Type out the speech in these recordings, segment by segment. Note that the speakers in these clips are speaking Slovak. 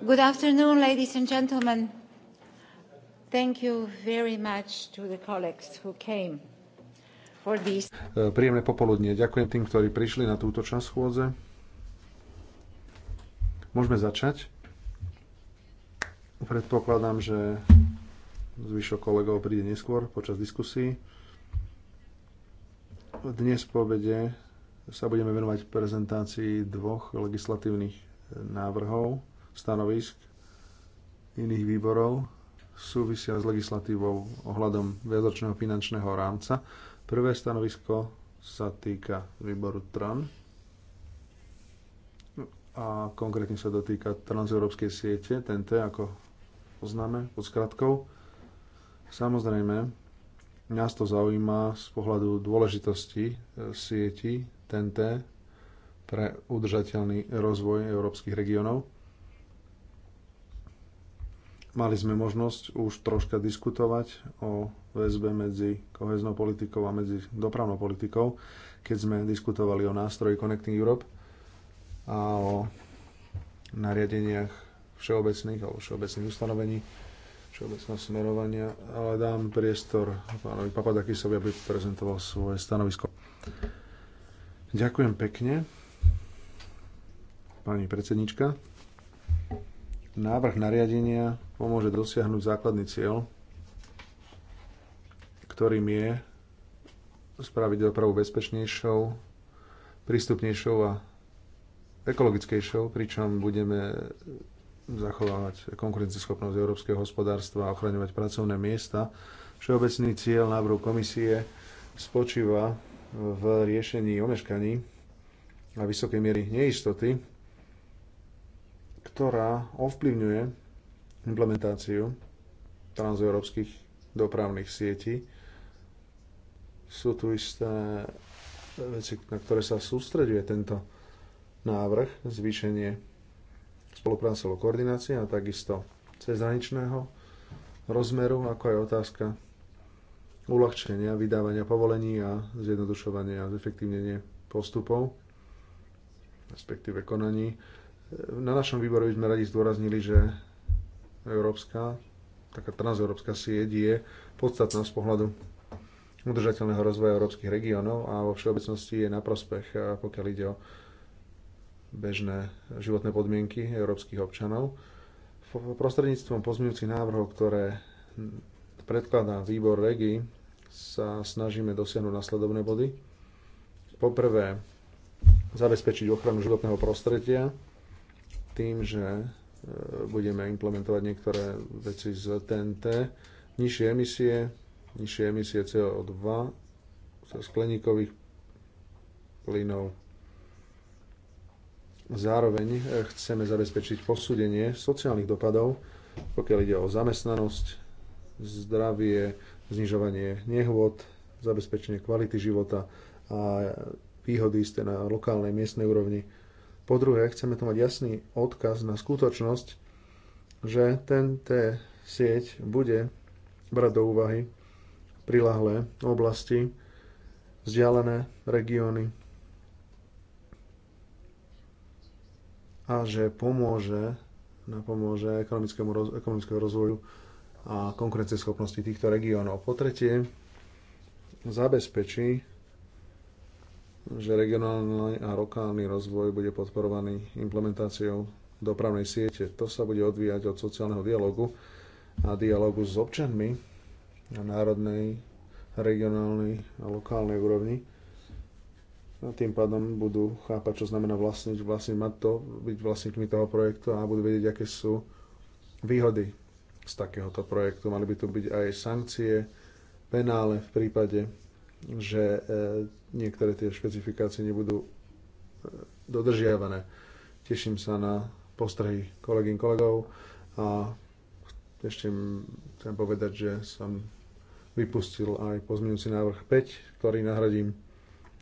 Good afternoon, ladies and gentlemen. Thank you very much to the colleagues who came for this. E, príjemné popoludnie. Ďakujem tým, ktorí prišli na túto časť schôdze. Môžeme začať. Predpokladám, že zvyšok kolegov príde neskôr počas diskusí. Dnes po obede sa budeme venovať prezentácii dvoch legislatívnych návrhov stanovisk iných výborov súvisia s legislatívou ohľadom viacročného finančného rámca. Prvé stanovisko sa týka výboru TRAN a konkrétne sa dotýka transeurópskej siete, TNT, ako poznáme pod skratkou. Samozrejme, nás to zaujíma z pohľadu dôležitosti e, sieti TNT pre udržateľný rozvoj európskych regiónov Mali sme možnosť už troška diskutovať o väzbe medzi koheznou politikou a medzi dopravnou politikou, keď sme diskutovali o nástroji Connecting Europe a o nariadeniach všeobecných alebo všeobecných ustanovení, všeobecného smerovania, ale dám priestor pánovi Papadakisovi, aby prezentoval svoje stanovisko. Ďakujem pekne, pani predsednička. Návrh nariadenia pomôže dosiahnuť základný cieľ, ktorým je spraviť dopravu bezpečnejšou, prístupnejšou a ekologickejšou, pričom budeme zachovávať konkurencieschopnosť európskeho hospodárstva a ochraňovať pracovné miesta. Všeobecný cieľ návrhu komisie spočíva v riešení omeškaní a vysokej miery neistoty ktorá ovplyvňuje implementáciu transeurópskych dopravných sietí. Sú tu isté veci, na ktoré sa sústreďuje tento návrh, zvýšenie spolupráce o koordinácie a takisto cezhraničného rozmeru, ako aj otázka uľahčenia, vydávania povolení a zjednodušovania a zefektívnenie postupov, respektíve konaní. Na našom výbore by sme radi zdôraznili, že európska, taká transeurópska sieť je podstatná z pohľadu udržateľného rozvoja európskych regiónov a vo všeobecnosti je na prospech, pokiaľ ide o bežné životné podmienky európskych občanov. Prostredníctvom pozmeňujúcich návrhov, ktoré predkladá výbor REGI, sa snažíme dosiahnuť nasledovné body. Poprvé, zabezpečiť ochranu životného prostredia, tým, že e, budeme implementovať niektoré veci z TNT, nižšie emisie, nižšie emisie CO2 skleníkových plynov. Zároveň e, chceme zabezpečiť posúdenie sociálnych dopadov, pokiaľ ide o zamestnanosť, zdravie, znižovanie nehôd, zabezpečenie kvality života a výhody isté na lokálnej miestnej úrovni po druhé, chceme tu mať jasný odkaz na skutočnosť, že TNT sieť bude brať do úvahy prilahlé oblasti, vzdialené regióny a že pomôže, napomôže ekonomickému roz, ekonomického rozvoju a konkurencieschopnosti týchto regiónov. Po tretie, zabezpečí že regionálny a lokálny rozvoj bude podporovaný implementáciou dopravnej siete. To sa bude odvíjať od sociálneho dialogu a dialogu s občanmi na národnej, regionálnej a lokálnej úrovni. A tým pádom budú chápať, čo znamená vlastniť, vlastniť mať to, byť vlastníkmi toho projektu a budú vedieť, aké sú výhody z takéhoto projektu. Mali by tu byť aj sankcie, penále v prípade že e, niektoré tie špecifikácie nebudú e, dodržiavané. Teším sa na postrehy kolegyn kolegov a ešte chcem povedať, že som vypustil aj pozmeňujúci návrh 5, ktorý nahradím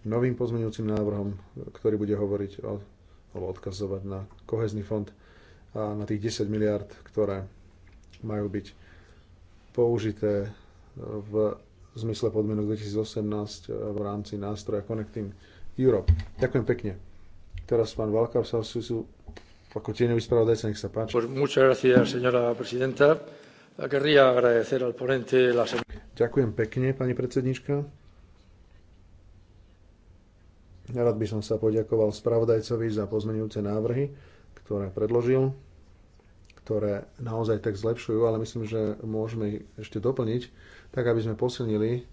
novým pozmeňujúcim návrhom, ktorý bude hovoriť o, alebo odkazovať na kohezný fond a na tých 10 miliard, ktoré majú byť použité v v zmysle podmienok 2018 eh, v rámci nástroja Connecting Europe. Ďakujem pekne. Teraz pán Valka sa sú ako tieňový spravodajca, nech sa páči. Ďakujem pekne, pani predsednička. Rád by som sa poďakoval spravodajcovi za pozmenujúce návrhy, ktoré predložil, ktoré naozaj tak zlepšujú, ale myslím, že môžeme ich ešte doplniť tak aby sme posilnili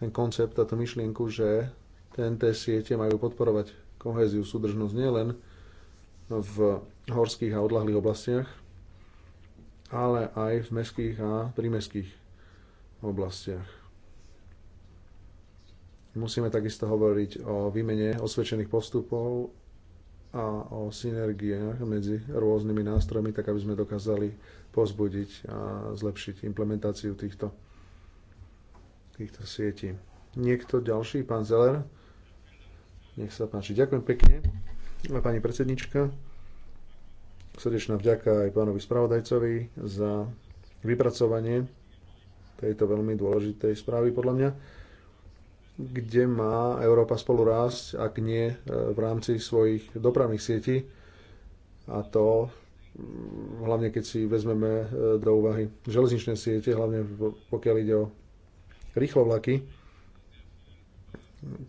ten koncept a tú myšlienku, že TNT siete majú podporovať kohéziu, súdržnosť nielen v horských a odlahlých oblastiach, ale aj v mestských a prímeských oblastiach. Musíme takisto hovoriť o výmene osvedčených postupov a o synergiách medzi rôznymi nástrojmi, tak aby sme dokázali pozbudiť a zlepšiť implementáciu týchto týchto sietí. Niekto ďalší? Pán Zeller? Nech sa páči. Ďakujem pekne. A pani predsednička, srdečná vďaka aj pánovi spravodajcovi za vypracovanie tejto veľmi dôležitej správy podľa mňa, kde má Európa spolu rásť, ak nie e, v rámci svojich dopravných sietí. A to mm, hlavne keď si vezmeme e, do úvahy železničné siete, hlavne pokiaľ ide o rýchlovlaky,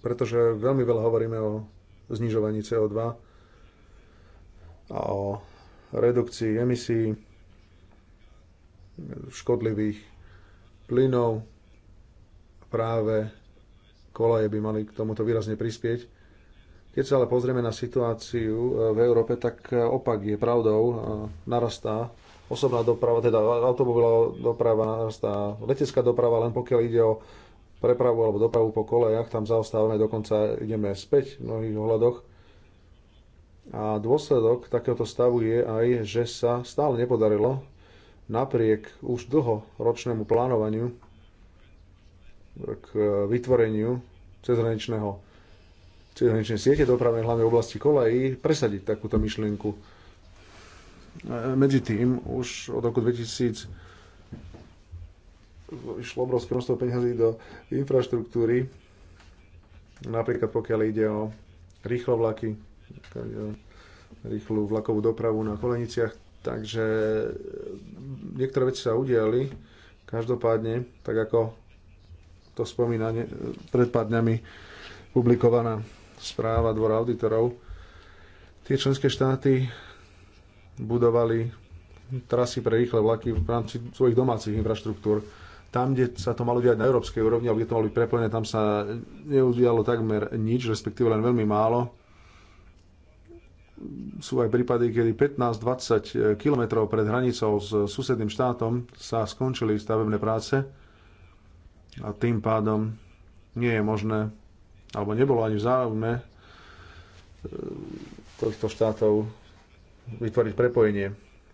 pretože veľmi veľa hovoríme o znižovaní CO2 a o redukcii emisí škodlivých plynov. Práve koleje by mali k tomuto výrazne prispieť. Keď sa ale pozrieme na situáciu e, v Európe, tak e, opak je pravdou, e, narastá Osobná doprava, teda automobilová doprava narastá, letecká doprava, len pokiaľ ide o prepravu alebo dopravu po kolejach, tam zaostávame, dokonca ideme späť v mnohých ohľadoch. A dôsledok takéhoto stavu je aj, že sa stále nepodarilo napriek už dlho ročnému plánovaniu k e, vytvoreniu cezhraničného cezhraničnej siete dopravy hlavne v oblasti kolejí, presadiť takúto myšlienku medzi tým už od roku 2000 išlo obrovské množstvo peňazí do infraštruktúry, napríklad pokiaľ ide o rýchlo vlaky, rýchlu vlakovú dopravu na koleniciach, takže niektoré veci sa udiali, každopádne, tak ako to spomína pred pár dňami publikovaná správa Dvora auditorov, tie členské štáty budovali trasy pre rýchle vlaky v rámci svojich domácich infraštruktúr. Tam, kde sa to malo diať na európskej úrovni, alebo kde to malo byť prepojené, tam sa neudialo takmer nič, respektíve len veľmi málo. Sú aj prípady, kedy 15-20 km pred hranicou s susedným štátom sa skončili stavebné práce a tým pádom nie je možné, alebo nebolo ani v záujme eh, týchto štátov vytvoriť prepojenie.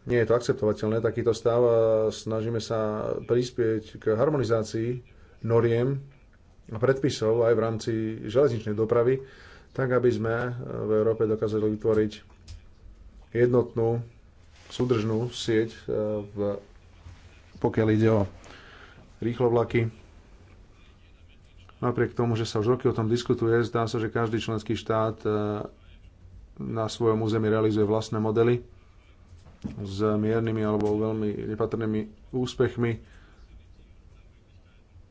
Nie je to akceptovateľné, takýto stav a snažíme sa prispieť k harmonizácii noriem a predpisov aj v rámci železničnej dopravy, tak aby sme v Európe dokázali vytvoriť jednotnú, súdržnú sieť, e, v, pokiaľ ide o rýchlovlaky. Napriek tomu, že sa už roky o tom diskutuje, zdá sa, že každý členský štát e, na svojom území realizuje vlastné modely s miernymi alebo veľmi nepatrnými úspechmi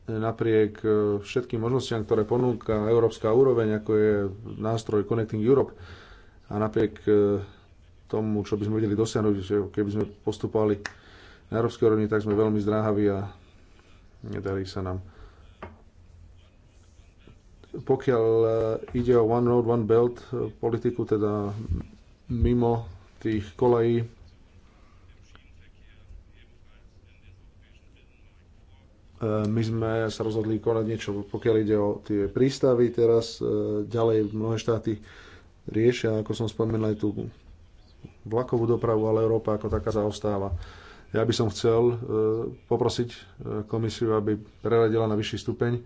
napriek e, všetkým možnostiam, ktoré ponúka európska úroveň, ako je nástroj Connecting Europe a napriek e, tomu, čo by sme vedeli dosiahnuť, že keby sme postupovali na európskej úrovni, tak sme veľmi zdráhaví a nedarí sa nám pokiaľ eh, ide o One Road, One Belt eh, politiku, teda mimo tých kolejí, eh, My sme sa rozhodli konať niečo, pokiaľ ide o tie prístavy teraz, ďalej mnohé štáty riešia, ako som spomenul, aj tú vlakovú dopravu, ale Európa ako taká zaostáva. Ja by som chcel poprosiť komisiu, aby preradila na vyšší stupeň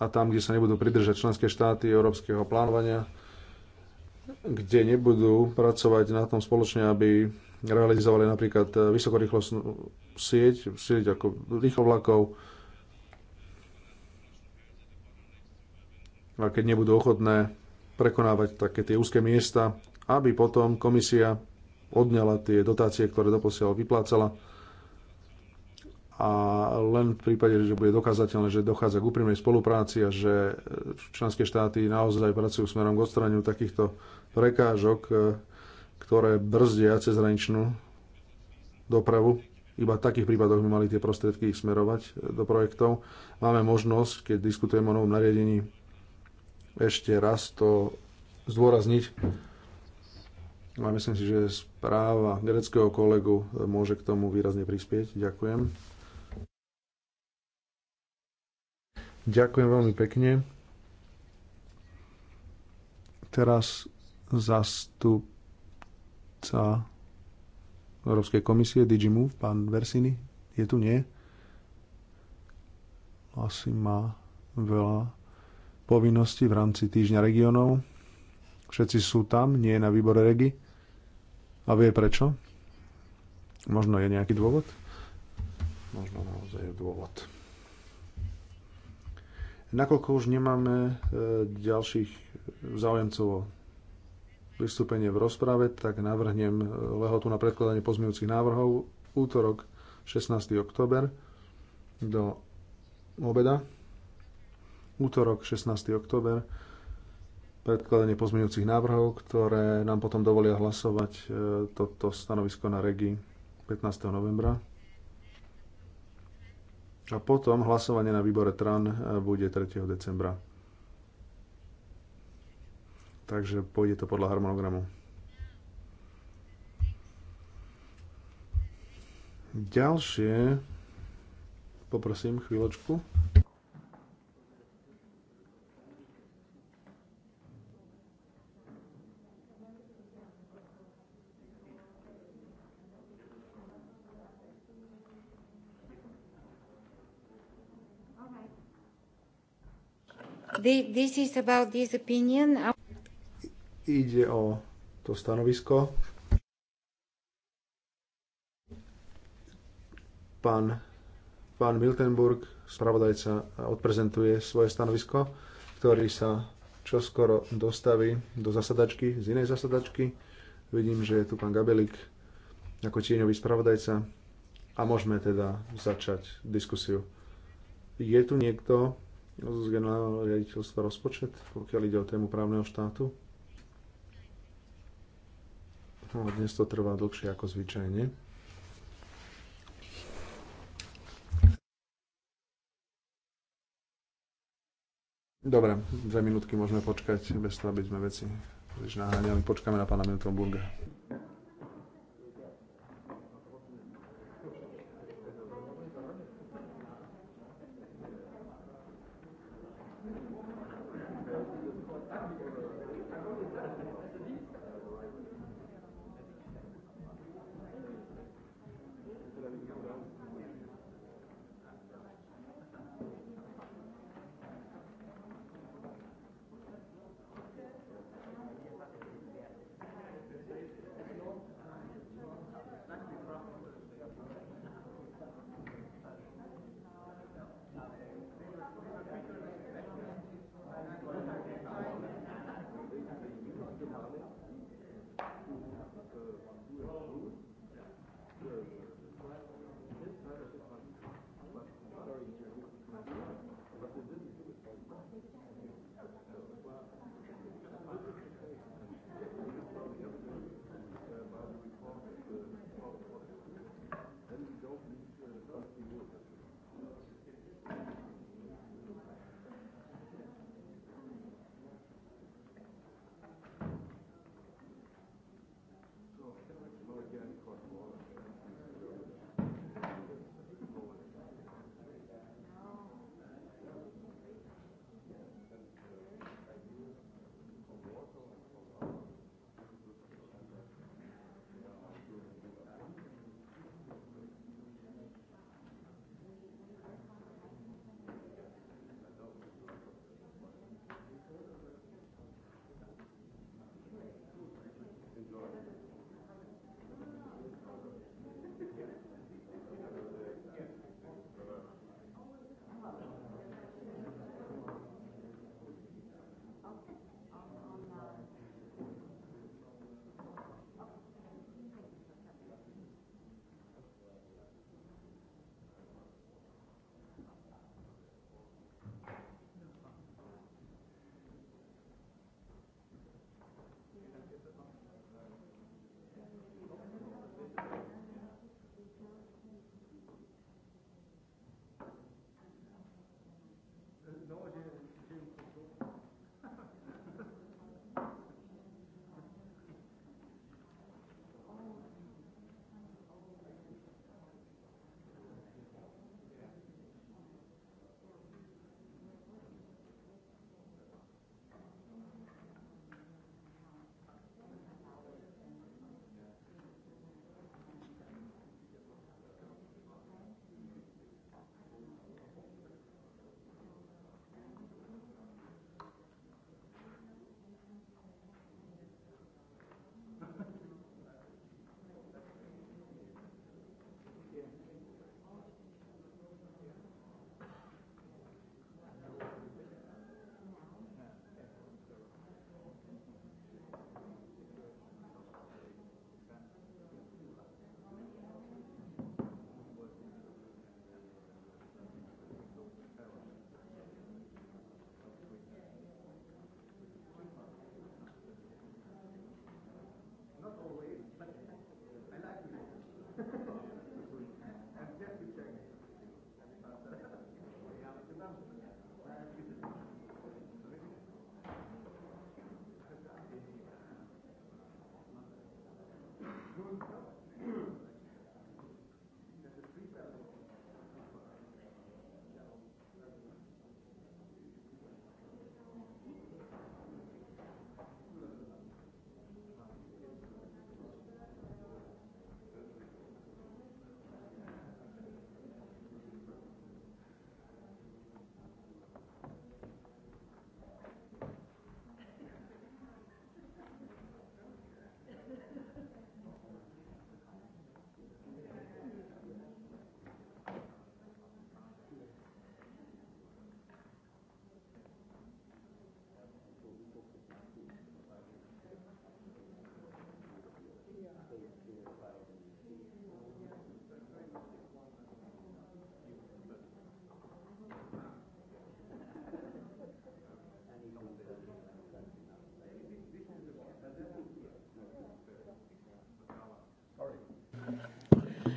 a tam, kde sa nebudú pridržať členské štáty európskeho plánovania, kde nebudú pracovať na tom spoločne, aby realizovali napríklad vysokorýchlostnú sieť, sieť ako rýchlovlakov, a keď nebudú ochotné prekonávať také tie úzke miesta, aby potom komisia odňala tie dotácie, ktoré doposiaľ vyplácala a len v prípade, že bude dokázateľné, že dochádza k úprimnej spolupráci a že e, členské štáty naozaj pracujú smerom k odstraneniu takýchto prekážok, e, ktoré brzdia cezhraničnú dopravu. Iba v takých prípadoch by mali tie prostriedky smerovať e, do projektov. Máme možnosť, keď diskutujeme o novom nariadení, ešte raz to zdôrazniť. A myslím si, že správa greckého kolegu môže k tomu výrazne prispieť. Ďakujem. Ďakujem veľmi pekne. Teraz zastupca Európskej komisie DigiMove, pán Versini, je tu, nie? Asi má veľa povinností v rámci týždňa regionov. Všetci sú tam, nie na výbore regi. A vie prečo? Možno je nejaký dôvod? Možno naozaj je dôvod. Nakoľko už nemáme e, ďalších záujemcov o vystúpenie v rozprave, tak navrhnem e, lehotu na predkladanie pozmeňujúcich návrhov útorok 16. október do obeda. Útorok 16. október predkladanie pozmeňujúcich návrhov, ktoré nám potom dovolia hlasovať e, toto stanovisko na regi 15. novembra. A potom hlasovanie na výbore TRAN e, bude 3. decembra. Takže pôjde to podľa harmonogramu. Ďalšie, poprosím chvíľočku. this is about this opinion. Ide o to stanovisko. Pán, pán Miltenburg, spravodajca, odprezentuje svoje stanovisko, ktorý sa čoskoro dostaví do zasadačky, z inej zasadačky. Vidím, že je tu pán Gabelik ako tieňový spravodajca a môžeme teda začať diskusiu. Je tu niekto, z generálneho riaditeľstva rozpočet, pokiaľ ide o tému právneho štátu. No, dnes to trvá dlhšie ako zvyčajne. Dobre, dve minútky môžeme počkať, bez toho, aby sme veci príliš naháňali. Počkáme na pána Milton Burga.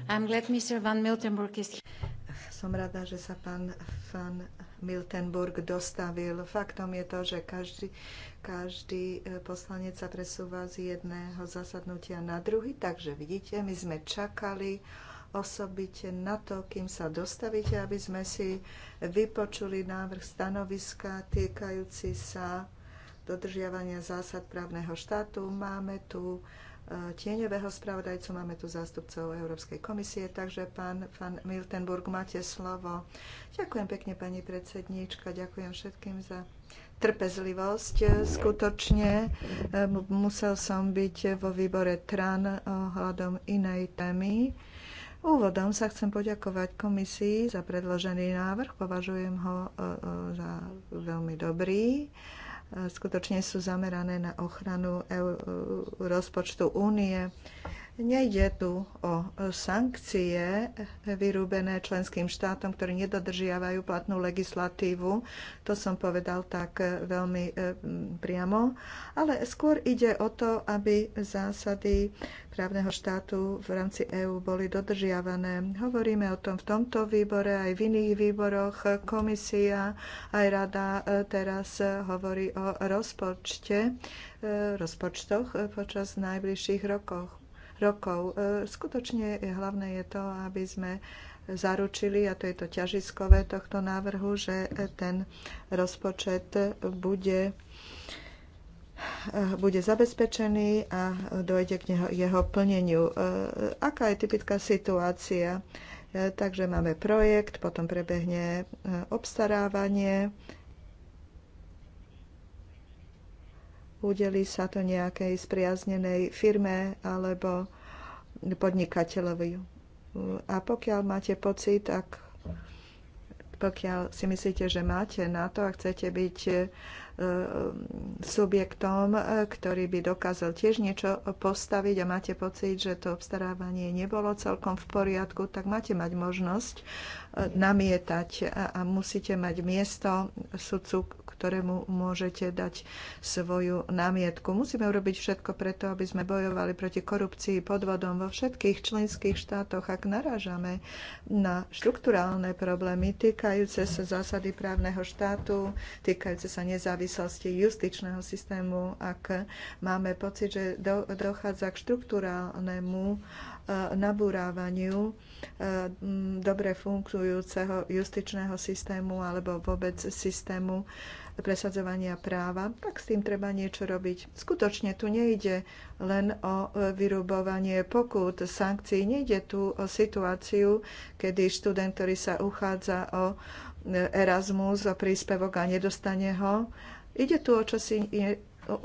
Som rada, že sa pán Van Miltenburg dostavil. Faktom je to, že každý, každý e, poslanec sa presúva z jedného zasadnutia na druhý, takže vidíte, my sme čakali osobite na to, kým sa dostavíte, aby sme si vypočuli návrh stanoviska týkajúci sa dodržiavania zásad právneho štátu. Máme tu tieňového spravodajcu, máme tu zástupcov Európskej komisie, takže pán, pán Miltenburg, máte slovo. Ďakujem pekne, pani predsedníčka, ďakujem všetkým za trpezlivosť. Skutočne eh, musel som byť vo výbore TRAN hľadom inej témy. Úvodom sa chcem poďakovať komisii za predložený návrh. Považujem ho eh, eh, za veľmi dobrý skutočne sú zamerané na ochranu eh, rozpočtu únie. Nejde tu o sankcie vyrúbené členským štátom, ktorí nedodržiavajú platnú legislatívu. To som povedal tak e, veľmi e, priamo. Ale skôr ide o to, aby zásady právneho štátu v rámci EÚ boli dodržiavané. Hovoríme o tom v tomto výbore, aj v iných výboroch. Komisia aj rada e, teraz hovorí o rozpočte, rozpočtoch počas najbližších rokoch rokov. E, skutočne hlavné je to, aby sme zaručili, a to je to ťažiskové tohto návrhu, že ten rozpočet bude e, bude zabezpečený a dojde k jeho, jeho plneniu. E, aká je typická situácia? Takže máme projekt, potom prebehne obstarávanie, udeli sa to nejakej spriaznenej firme alebo podnikateľovi. A pokiaľ máte pocit, ak pokiaľ si myslíte, že máte na to a chcete byť e, subjektom, e, ktorý by dokázal tiež niečo postaviť a máte pocit, že to obstarávanie nebolo celkom v poriadku, tak máte mať možnosť namietať a musíte mať miesto sudcu, ktorému môžete dať svoju námietku. Musíme urobiť všetko preto, aby sme bojovali proti korupcii, podvodom vo všetkých členských štátoch. Ak narážame na štrukturálne problémy týkajúce sa zásady právneho štátu, týkajúce sa nezávislosti justičného systému, ak máme pocit, že dochádza k štruktúrálnemu e, nabúrávaniu e, dobre funkciu existujúceho justičného systému alebo vôbec systému presadzovania práva, tak s tým treba niečo robiť. Skutočne tu nejde len o e, vyrubovanie pokút, sankcií, nejde tu o situáciu, kedy študent, ktorý sa uchádza o e, Erasmus, o príspevok a nedostane ho, Ide tu o čosi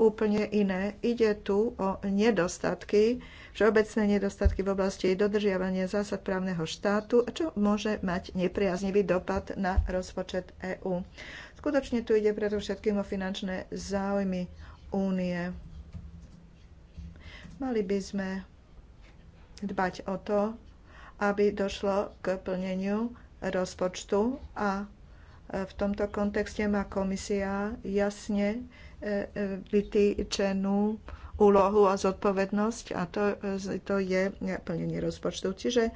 úplne iné. Ide tu o nedostatky, všeobecné nedostatky v oblasti dodržiavania zásad právneho štátu, čo môže mať nepriaznivý dopad na rozpočet EÚ. Skutočne tu ide predovšetkým o finančné záujmy únie. Mali by sme dbať o to, aby došlo k plneniu rozpočtu a v tomto kontexte má komisia jasne vytýčenú úlohu a zodpovednosť a to, to je plnenie rozpočtu. Čiže e,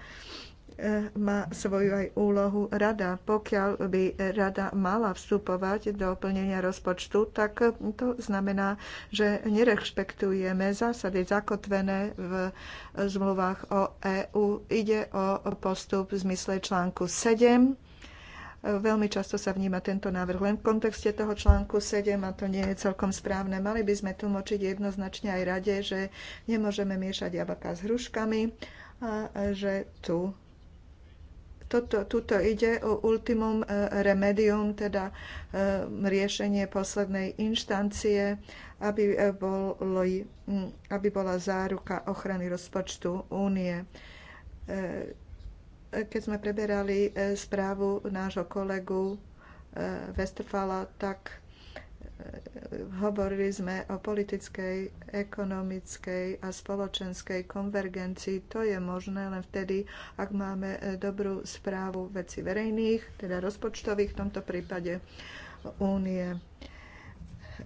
má svoju aj úlohu rada. Pokiaľ by rada mala vstupovať do plnenia rozpočtu, tak to znamená, že nerešpektujeme zásady zakotvené v zmluvách o EÚ. Ide o postup v zmysle článku 7 Veľmi často sa vníma tento návrh len v kontexte toho článku 7 a to nie je celkom správne. Mali by sme tlmočiť jednoznačne aj rade, že nemôžeme miešať jablka s hruškami a že tu toto, tuto ide o ultimum e, remedium, teda e, riešenie poslednej inštancie, aby, e, aby bola záruka ochrany rozpočtu únie keď sme preberali e, správu nášho kolegu e, Westerfala, tak e, hovorili sme o politickej, ekonomickej a spoločenskej konvergencii. To je možné len vtedy, ak máme dobrú správu veci verejných, teda rozpočtových v tomto prípade únie.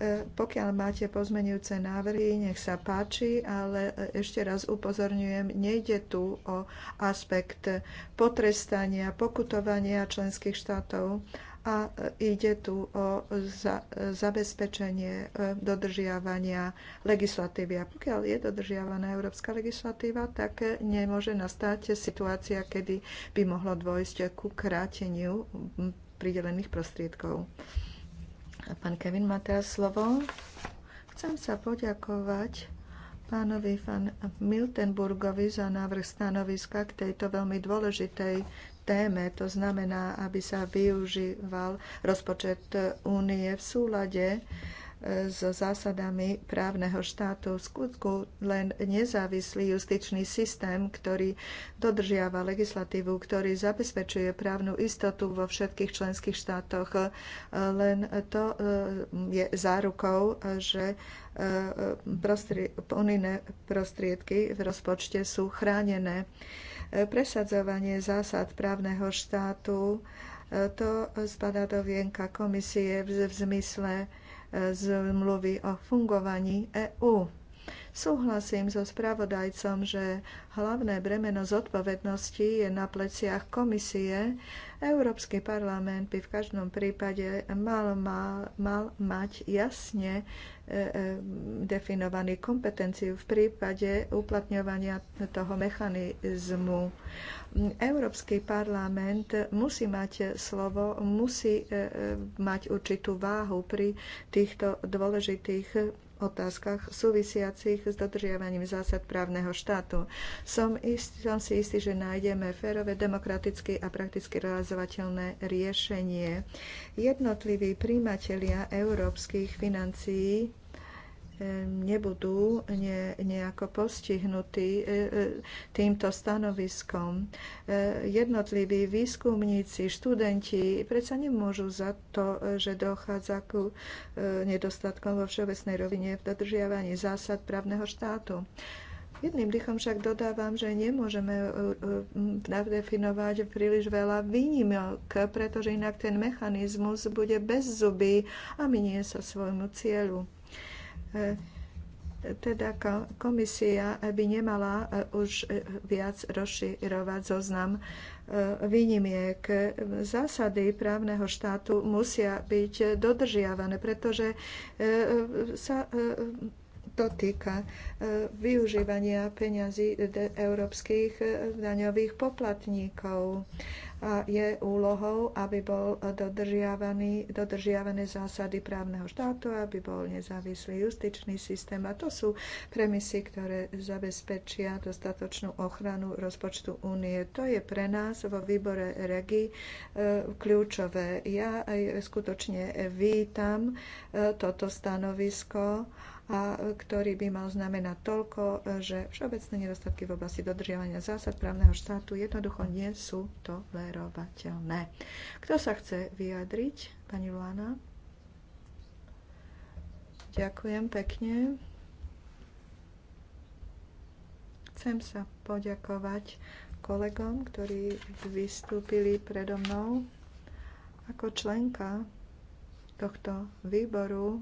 E, pokiaľ máte pozmenujúce návrhy, nech sa páči, ale e, ešte raz upozorňujem, nejde tu o aspekt potrestania, pokutovania členských štátov, a e, ide tu o za, zabezpečenie dodržiavania legislatívy. A pokiaľ je dodržiavaná európska legislatíva, tak nemôže nastať situácia, kedy by mohlo dôjsť ku kráteniu pridelených prostriedkov. Pán Kevin má teraz slovo. Chcem sa poďakovať pánovi van Miltenburgovi za návrh stanoviska k tejto veľmi dôležitej téme. To znamená, aby sa využíval rozpočet únie v súlade so zásadami právneho štátu. V skutku len nezávislý justičný systém, ktorý dodržiava legislatívu, ktorý zabezpečuje právnu istotu vo všetkých členských štátoch, len to eh, je zárukou, že unijné eh, prostriedky v rozpočte sú chránené. Presadzovanie zásad právneho štátu eh, to spadá do vienka komisie v zmysle zmluvy o fungovaní EÚ. Súhlasím so spravodajcom, že hlavné bremeno zodpovednosti je na pleciach komisie. Európsky parlament by v každom prípade mal, mal, mal mať jasne E, e, definovaných kompetenciu v prípade uplatňovania toho mechanizmu. Európsky parlament musí mať slovo, musí e, mať určitú váhu pri týchto dôležitých otázkach súvisiacich s dodržiavaním zásad právneho štátu. Som, istý, som si istý, že nájdeme férové, demokraticky a prakticky realizovateľné riešenie. Jednotliví príjimatelia európskych financií nebudú ne, nejako postihnutí e, e, týmto stanoviskom. E, jednotliví výskumníci, študenti predsa nemôžu za to, že dochádza ku nedostatkom vo všeobecnej rovine v dodržiavaní zásad právneho štátu. Jedným dýchom však dodávam, že nemôžeme nadefinovať príliš veľa výnimok, pretože inak ten mechanizmus bude bez zuby a minie sa svojmu cieľu teda komisia by nemala e, už e, viac rozširovať zoznam e, výnimiek. Zásady právneho štátu musia byť dodržiavané, pretože sa to týka využívania peňazí európskych daňových poplatníkov a je úlohou, aby bol dodržiavaný, dodržiavané zásady právneho štátu, aby bol nezávislý justičný systém. A to sú premisy, ktoré zabezpečia dostatočnú ochranu rozpočtu únie. To je pre nás vo výbore REGI e, kľúčové. Ja skutočne vítam e, toto stanovisko a ktorý by mal znamenať toľko, že všeobecné nedostatky v oblasti dodržiavania zásad právneho štátu jednoducho nie sú tolerovateľné. Kto sa chce vyjadriť? Pani Luana? Ďakujem pekne. Chcem sa poďakovať kolegom, ktorí vystúpili predo mnou. Ako členka tohto výboru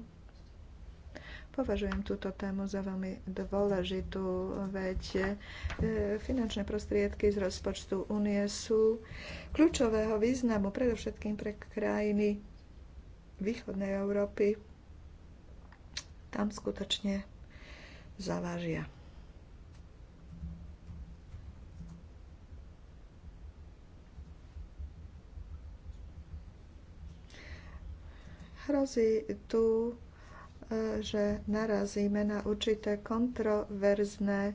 Považujem túto tému za veľmi dôležitú, veď e, finančné prostriedky z rozpočtu únie sú kľúčového významu predovšetkým pre krajiny východnej Európy. Tam skutočne zavážia. hrozí tu E, že narazíme na určité kontroverzné e,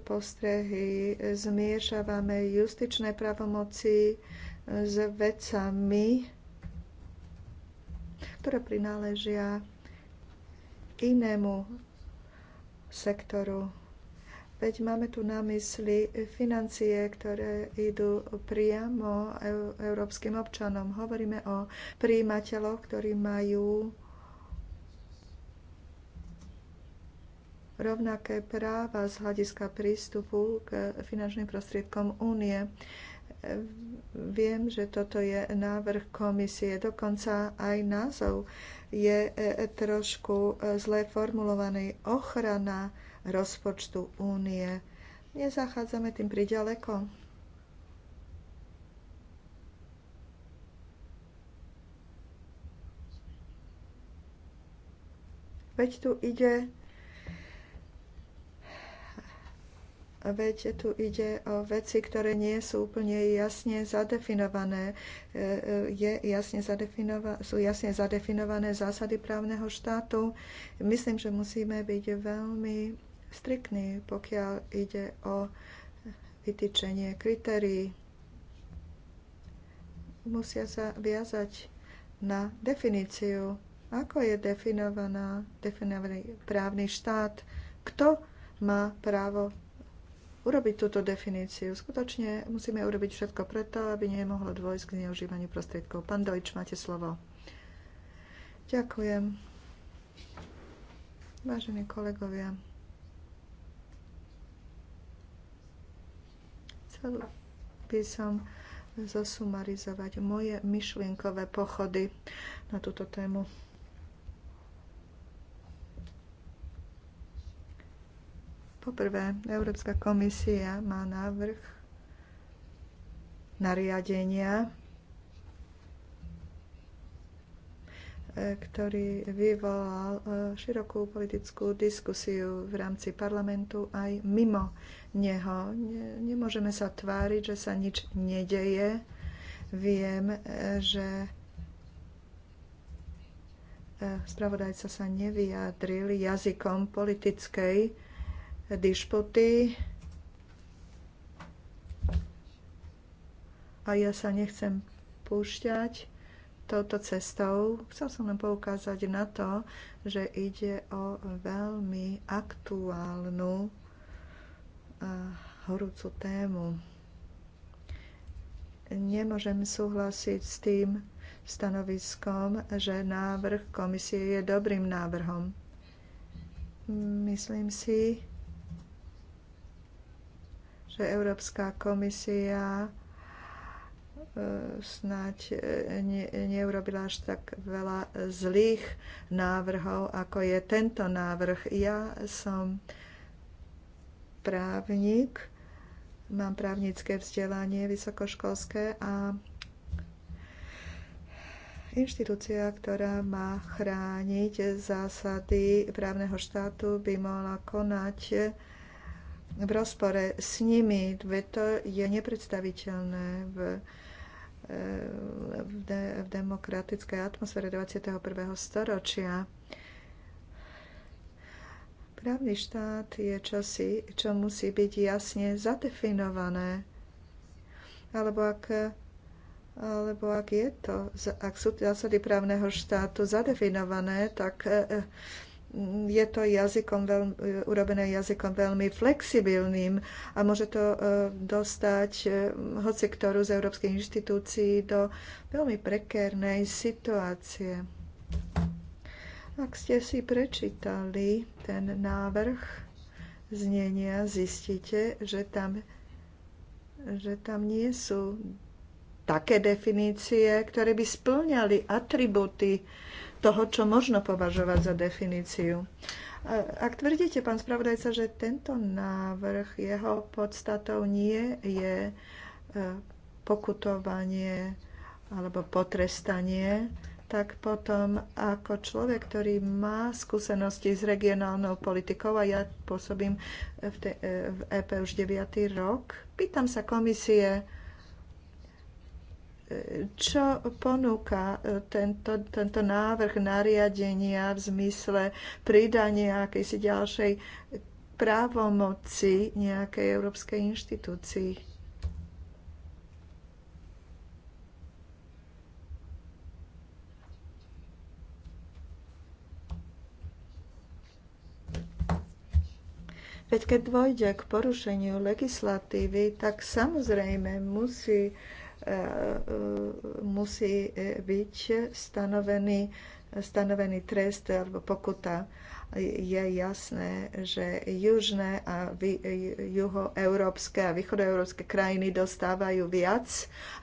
postrehy, zmiešavame justičné pravomoci e, s vecami, ktoré prináležia inému sektoru. Veď máme tu na mysli financie, ktoré idú priamo európskym občanom. Hovoríme o príjimateľoch, ktorí majú rovnaké práva z hľadiska prístupu k finančným prostriedkom únie. Viem, že toto je návrh komisie, dokonca aj názov je e, e, trošku e, zle formulovaný ochrana rozpočtu únie. Nezachádzame tým priďaleko. Veď tu ide Veď tu ide o veci, ktoré nie sú úplne jasne zadefinované. E, e, je jasne zadefinova- sú jasne zadefinované zásady právneho štátu. Myslím, že musíme byť veľmi striktní, pokiaľ ide o vytýčenie kritérií. Musia sa viazať na definíciu, ako je definovaná, definovaný právny štát, kto má právo urobiť túto definíciu. Skutočne musíme urobiť všetko preto, aby nemohlo dôjsť k zneužívaniu prostriedkov. Pán Dojč, máte slovo. Ďakujem. Vážení kolegovia. Chcel by som zosumarizovať moje myšlienkové pochody na túto tému. Poprvé, Európska komisia má návrh nariadenia, e, ktorý vyvolal e, širokú politickú diskusiu v rámci parlamentu aj mimo neho. Nemôžeme sa tváriť, že sa nič nedeje. Viem, e, že spravodajca sa nevyjadril jazykom politickej dišputy. A ja sa nechcem púšťať touto cestou. Chcel som len poukázať na to, že ide o veľmi aktuálnu a horúcu tému. Nemôžem súhlasiť s tým stanoviskom, že návrh komisie je dobrým návrhom. Myslím si, že Európska komisia e, snáď e, neurobila až tak veľa zlých návrhov, ako je tento návrh. Ja som právnik, mám právnické vzdelanie vysokoškolské a Inštitúcia, ktorá má chrániť zásady právneho štátu, by mohla konať v rozpore s nimi, veď to je nepredstaviteľné v, e, v, de, v demokratickej atmosfére 21. storočia. Právny štát je čosi, čo musí byť jasne zadefinované. Alebo ak, alebo ak, je to, ak sú zásady právneho štátu zadefinované, tak e, e, je to jazykom veľmi, urobené jazykom veľmi flexibilným a môže to e, dostať e, hoci ktorú z európskej inštitúcií do veľmi prekérnej situácie. Ak ste si prečítali ten návrh znenia, zistíte, že tam, že tam nie sú také definície, ktoré by splňali atributy toho, čo možno považovať za definíciu. Ak tvrdíte, pán spravodajca, že tento návrh, jeho podstatou nie je e, pokutovanie alebo potrestanie, tak potom ako človek, ktorý má skúsenosti s regionálnou politikou a ja pôsobím v, te, e, v EP už 9. rok, pýtam sa komisie, čo ponúka e, tento, tento návrh nariadenia v zmysle pridania akejsi ďalšej právomoci nejakej európskej inštitúcii? Veď keď dôjde k porušeniu legislatívy, tak samozrejme musí E, e, musí e, byť stanovený, stanovený trest alebo pokuta. Je jasné, že južné a juhoeurópske a východoeurópske krajiny dostávajú viac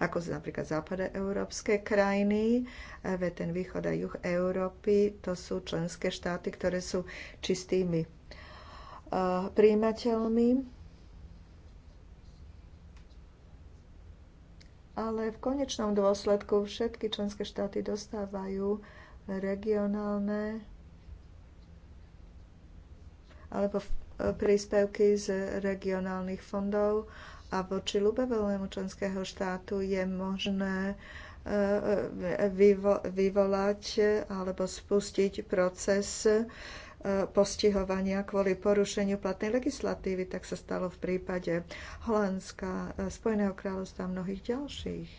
ako napríklad západoeurópske krajiny. Ve ten východ a juh Európy to sú členské štáty, ktoré sú čistými príjimateľmi ale v konečnom dôsledku všetky členské štáty dostávajú regionálne alebo e, príspevky z regionálnych fondov a voči ľubevelému členského štátu je možné e, e, vyvolať alebo spustiť proces postihovania kvôli porušeniu platnej legislatívy, tak sa stalo v prípade Holandska, e, Spojeného kráľovstva a mnohých ďalších.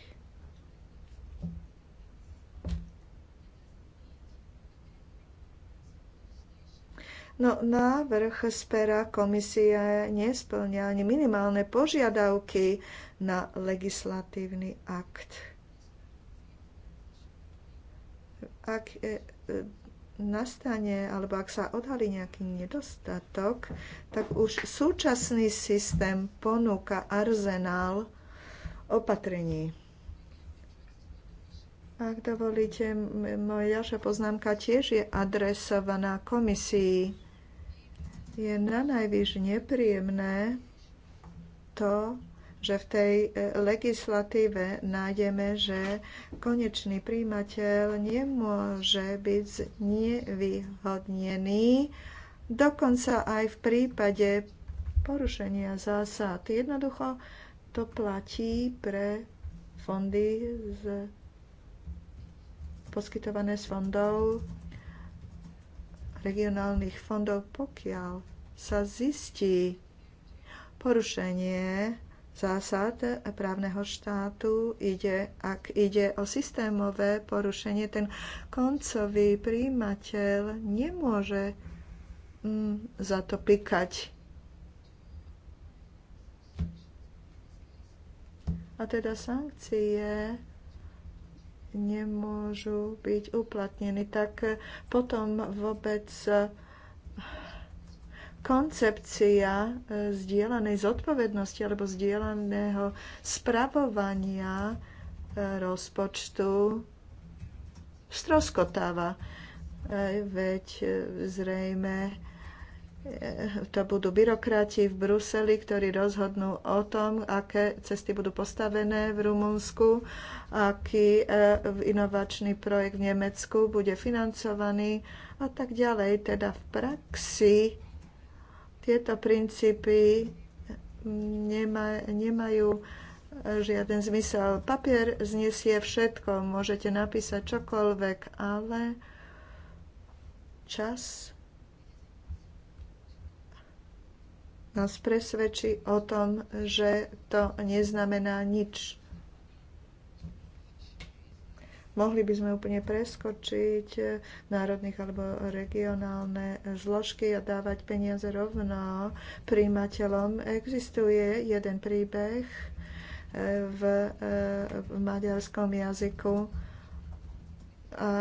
No, návrh z pera komisie nesplňa ani minimálne požiadavky na legislatívny akt. Ak e, e, nastane, alebo ak sa odhalí nejaký nedostatok, tak už súčasný systém ponúka arzenál opatrení. Ak dovolíte, moja ďalšia poznámka tiež je adresovaná komisii. Je na najvyš nepríjemné to, že v tej e, legislatíve nájdeme, že konečný príjimateľ nemôže byť znevýhodnený, dokonca aj v prípade porušenia zásad. Jednoducho to platí pre fondy z, poskytované z fondov regionálnych fondov, pokiaľ sa zistí porušenie zásad právneho štátu, ide, ak ide o systémové porušenie, ten koncový príjimateľ nemôže mm, za to pikať. A teda sankcie nemôžu byť uplatnené, tak potom vôbec koncepcia e, zdieľanej zodpovednosti alebo zdieľaného spravovania e, rozpočtu stroskotáva. E, veď zrejme to budú byrokrati v Bruseli, ktorí rozhodnú o tom, aké cesty budú postavené v Rumunsku, aký inovačný projekt v Nemecku bude financovaný a tak ďalej. Teda v praxi tieto princípy nema, nemajú žiaden zmysel. Papier znesie všetko, môžete napísať čokoľvek, ale čas nás presvedčí o tom, že to neznamená nič. Mohli by sme úplne preskočiť e, národných alebo regionálne zložky a dávať peniaze rovno príjimateľom. Existuje jeden príbeh e, v, e, v maďarskom jazyku, a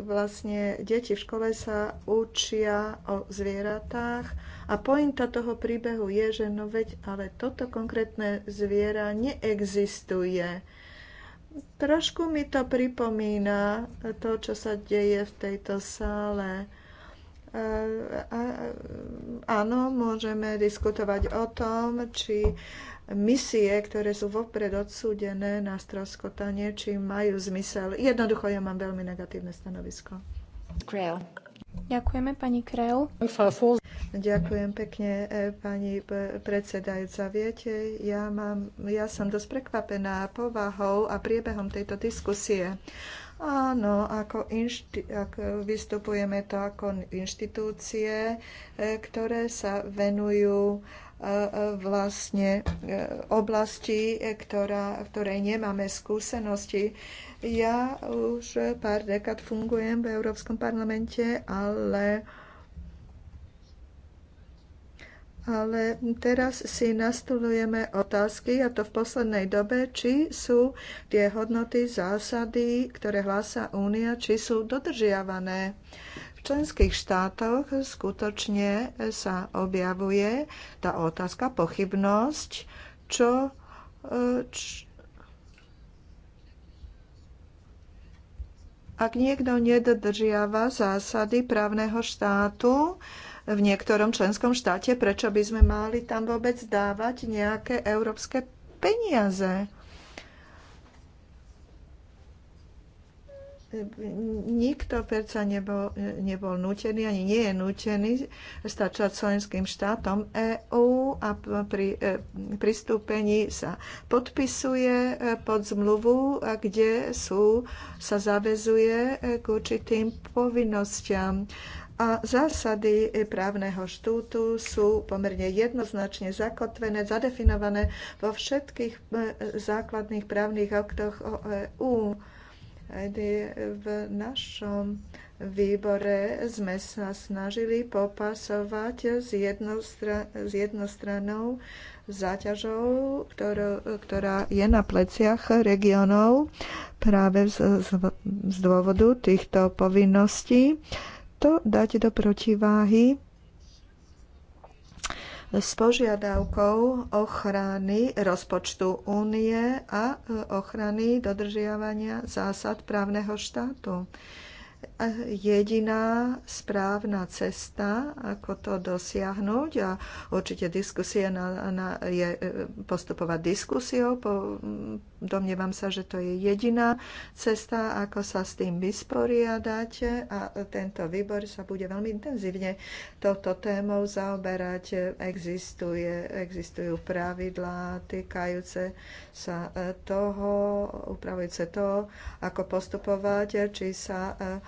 vlastne deti v škole sa učia o zvieratách a pointa toho príbehu je, že no veď, ale toto konkrétne zviera neexistuje. Trošku mi to pripomína to, čo sa deje v tejto sále. Eh, áno, môžeme diskutovať o tom, či misie, ktoré sú vopred odsúdené na stroskotanie, či majú zmysel. Jednoducho, ja mám veľmi negatívne stanovisko. Grail. Ďakujeme pani Kreu. Ďakujem pekne e, pani predsedajúca. Viete, ja, mám, ja som dosť prekvapená povahou a priebehom tejto diskusie. Áno, ako, inšti- ako vystupujeme to ako inštitúcie, e, ktoré sa venujú vlastne e, oblasti, e, ktorá, ktorej nemáme skúsenosti. Ja už pár dekád fungujem v Európskom parlamente, ale ale teraz si nastolujeme otázky, a to v poslednej dobe, či sú tie hodnoty, zásady, ktoré hlása Únia, či sú dodržiavané členských štátoch skutočne sa objavuje tá otázka, pochybnosť, čo, e, č, ak niekto nedodržiava zásady právneho štátu v niektorom členskom štáte, prečo by sme mali tam vôbec dávať nejaké európske peniaze? nikto predsa nebol, nebol nútený, ani nie je nútený stačať členským štátom EÚ a pri e, pristúpení sa podpisuje e, pod zmluvu, kde sú, sa zavezuje e, k určitým povinnostiam. A zásady právneho štútu sú pomerne jednoznačne zakotvené, zadefinované vo všetkých základných právnych aktoch o EÚ. EU v našom výbore sme sa snažili popasovať s, jednostra- s jednostrannou záťažou, ktorá, ktorá je na pleciach regionov práve z, z, z dôvodu týchto povinností. To dať do protiváhy s požiadavkou ochrany rozpočtu únie a ochrany dodržiavania zásad právneho štátu jediná správna cesta, ako to dosiahnuť a určite diskusie na, na, je e, postupovať diskusiou. Po, domnievam sa, že to je jediná cesta, ako sa s tým vysporiadať a tento výbor sa bude veľmi intenzívne touto témou zaoberať. Existuje, existujú pravidlá týkajúce sa e, toho, upravujúce to, ako postupovať, či sa e,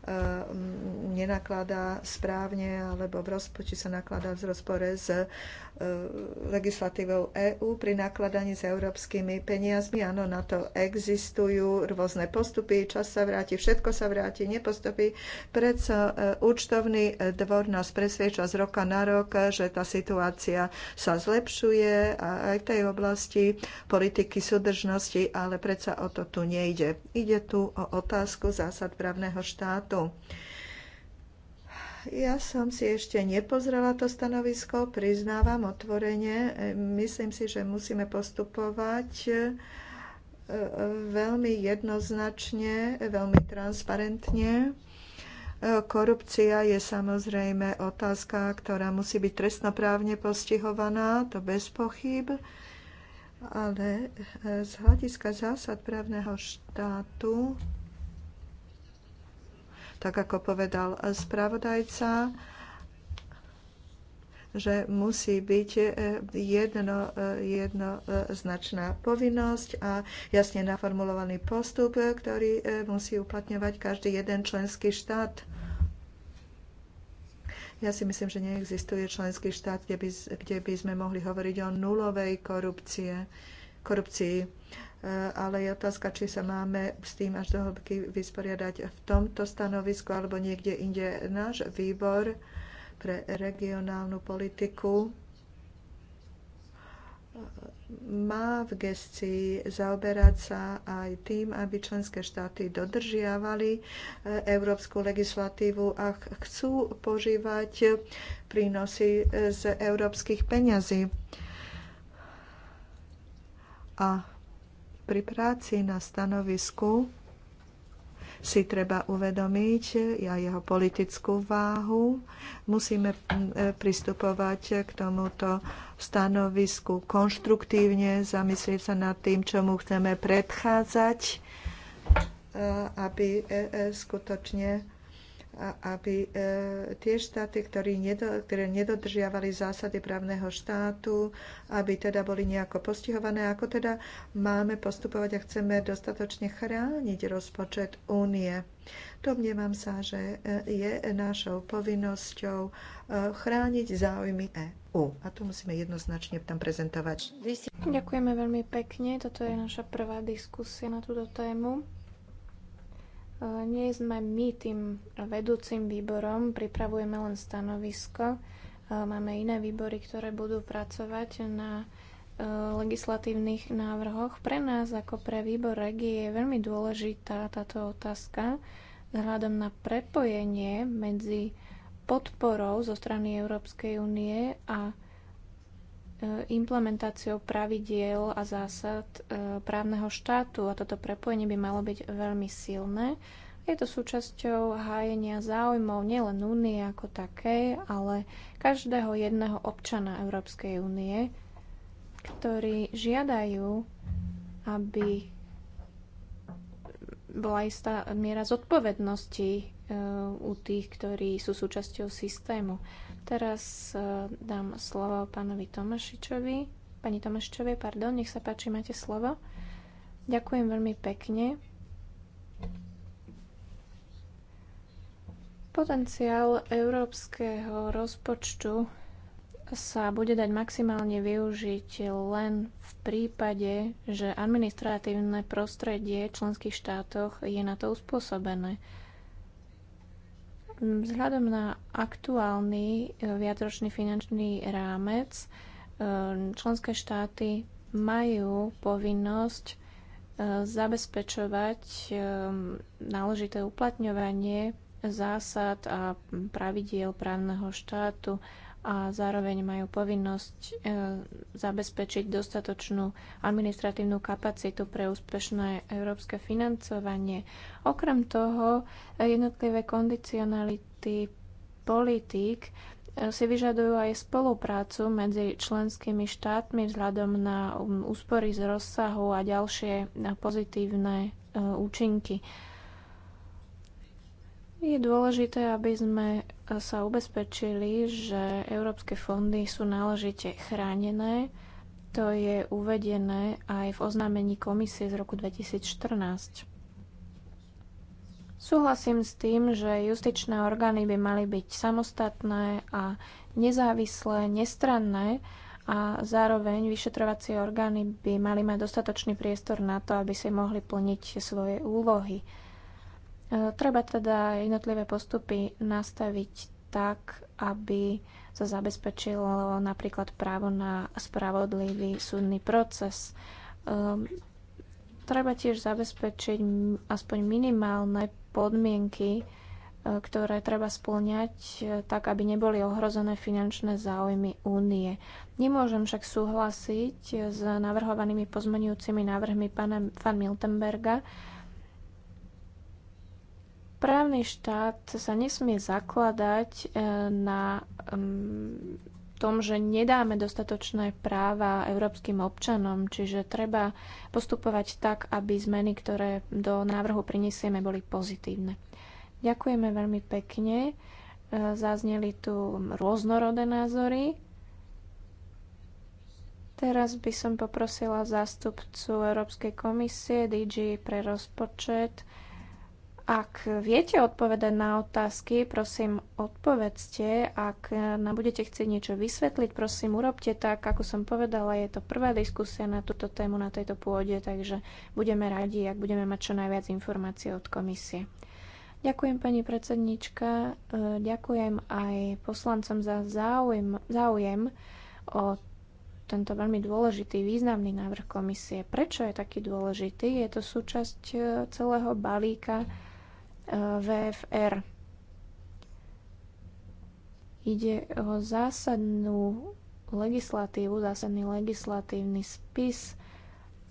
E, nenakladá správne alebo v rozpočte sa nakladá v rozpore s e, legislatívou EÚ pri nakladaní s európskymi peniazmi. Áno, na to existujú rôzne postupy, čas sa vráti, všetko sa vráti, nepostupy. Predsa e, účtovný dvor nás presvieča z roka na rok, že tá situácia sa zlepšuje a aj v tej oblasti politiky súdržnosti, ale predsa o to tu nejde. Ide tu o otázku zásad právneho štátu EÚ. Ja som si ešte nepozrela to stanovisko, priznávam otvorene. Myslím si, že musíme postupovať e, veľmi jednoznačne, veľmi transparentne. E, korupcia je samozrejme otázka, ktorá musí byť trestnoprávne postihovaná, to bez pochyb, ale e, z hľadiska zásad právneho štátu tak ako povedal spravodajca, že musí byť e, jedno, e, jednoznačná povinnosť a jasne naformulovaný postup, ktorý e, musí uplatňovať každý jeden členský štát. Ja si myslím, že neexistuje členský štát, kde by, kde by sme mohli hovoriť o nulovej korupcie, korupcii ale je otázka, či sa máme s tým až do hĺbky vysporiadať v tomto stanovisku alebo niekde inde. Náš výbor pre regionálnu politiku má v gestii zaoberať sa aj tým, aby členské štáty dodržiavali eh, európsku legislatívu a chcú požívať prínosy z európskych peňazí. A pri práci na stanovisku si treba uvedomiť aj jeho politickú váhu. Musíme e, pristupovať k tomuto stanovisku konštruktívne, zamyslieť sa nad tým, čomu chceme predchádzať, e, aby e skutočne aby e, tie štáty, ktoré nedodržiavali zásady právneho štátu, aby teda boli nejako postihované, ako teda máme postupovať a chceme dostatočne chrániť rozpočet únie. Domnievam sa, že e, je našou povinnosťou e, chrániť záujmy EÚ. A to musíme jednoznačne tam prezentovať. Ďakujeme veľmi pekne. Toto je naša prvá diskusia na túto tému. E, nie sme my tým vedúcim výborom, pripravujeme len stanovisko. E, máme iné výbory, ktoré budú pracovať na e, legislatívnych návrhoch. Pre nás ako pre výbor regie je veľmi dôležitá táto otázka vzhľadom na prepojenie medzi podporou zo strany Európskej únie a E, implementáciou pravidiel a zásad e, právneho štátu a toto prepojenie by malo byť veľmi silné. Je to súčasťou hájenia záujmov nielen únie ako také, ale každého jedného občana Európskej únie, ktorí žiadajú, aby bola istá miera zodpovednosti e, u tých, ktorí sú súčasťou systému. Teraz e, dám slovo pánovi Tomašičovi. Pani Tomašičovi, pardon, nech sa páči, máte slovo. Ďakujem veľmi pekne. Potenciál európskeho rozpočtu sa bude dať maximálne využiť len v prípade, že administratívne prostredie v členských štátoch je na to uspôsobené. Vzhľadom na aktuálny e, viacročný finančný rámec, e, členské štáty majú povinnosť e, zabezpečovať náležité uplatňovanie zásad a pravidiel právneho štátu a zároveň majú povinnosť e, zabezpečiť dostatočnú administratívnu kapacitu pre úspešné európske financovanie. Okrem toho, e, jednotlivé kondicionality politík e, si vyžadujú aj spoluprácu medzi členskými štátmi vzhľadom na um, úspory z rozsahu a ďalšie pozitívne účinky. Je dôležité, aby sme e, sa ubezpečili, že európske fondy sú náležite chránené. To je uvedené aj v oznámení komisie z roku 2014. Súhlasím s tým, že justičné orgány by mali byť samostatné a nezávislé, nestranné a zároveň vyšetrovacie orgány by mali mať dostatočný priestor na to, aby si mohli plniť svoje úlohy. E, treba teda jednotlivé postupy nastaviť tak, aby sa zabezpečilo napríklad právo na spravodlivý súdny proces. E, treba tiež zabezpečiť aspoň minimálne podmienky, e, ktoré treba splňať tak, aby neboli ohrozené finančné záujmy únie. Nemôžem však súhlasiť s navrhovanými pozmenujúcimi návrhmi pána Van Miltenberga, Právny štát sa nesmie zakladať e, na mm, tom, že nedáme dostatočné práva európskym občanom, čiže treba postupovať tak, aby zmeny, ktoré do návrhu prinesieme, boli pozitívne. Ďakujeme veľmi pekne. E, zazneli tu rôznorodé názory. Teraz by som poprosila zástupcu Európskej komisie DG pre rozpočet, ak viete odpovedať na otázky, prosím, odpovedzte. Ak nám budete chcieť niečo vysvetliť, prosím, urobte tak. Ako som povedala, je to prvá diskusia na túto tému na tejto pôde, takže budeme radi, ak budeme mať čo najviac informácií od komisie. Ďakujem, pani predsednička. E, ďakujem aj poslancom za záujem, záujem o tento veľmi dôležitý, významný návrh komisie. Prečo je taký dôležitý? Je to súčasť e, celého balíka VFR. Ide o zásadnú legislatívu, zásadný legislatívny spis.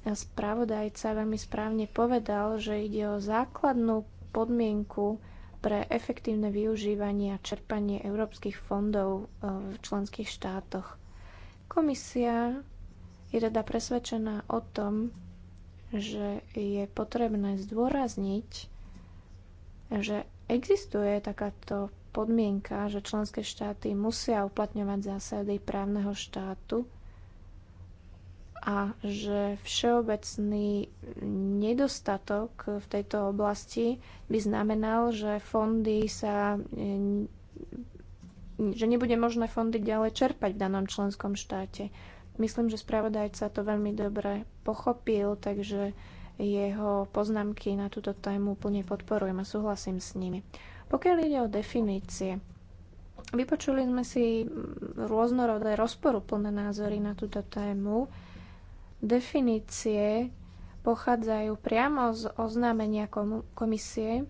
a Spravodajca veľmi správne povedal, že ide o základnú podmienku pre efektívne využívanie a čerpanie európskych fondov e, v členských štátoch. Komisia je teda presvedčená o tom, že je potrebné zdôrazniť že existuje takáto podmienka, že členské štáty musia uplatňovať zásady právneho štátu a že všeobecný nedostatok v tejto oblasti by znamenal, že fondy sa eh, že nebude možné fondy ďalej čerpať v danom členskom štáte. Myslím, že spravodajca to veľmi dobre pochopil, takže jeho poznámky na túto tému plne podporujem a súhlasím s nimi. Pokiaľ ide o definície, vypočuli sme si rôznorodé rozporuplné názory na túto tému. Definície pochádzajú priamo z oznámenia komisie